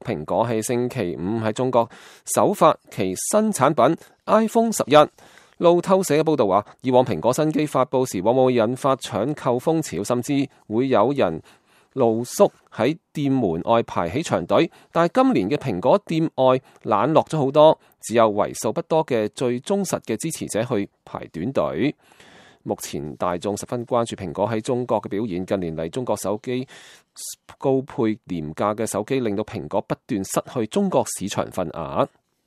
蘋果係星期五喺中國首發其新產品 iPhone 十一。路透社嘅報道話，以往蘋果新機發佈時，往往會引發搶購風潮，甚至會有人露宿喺店門外排起長隊。但係今年嘅蘋果店外冷落咗好多，只有為數不多嘅最忠實嘅支持者去排短隊。目前大眾十分關注蘋果喺中國嘅表現。近年嚟，中國手機高配廉價嘅手機令到蘋果不斷失去中國市場份額。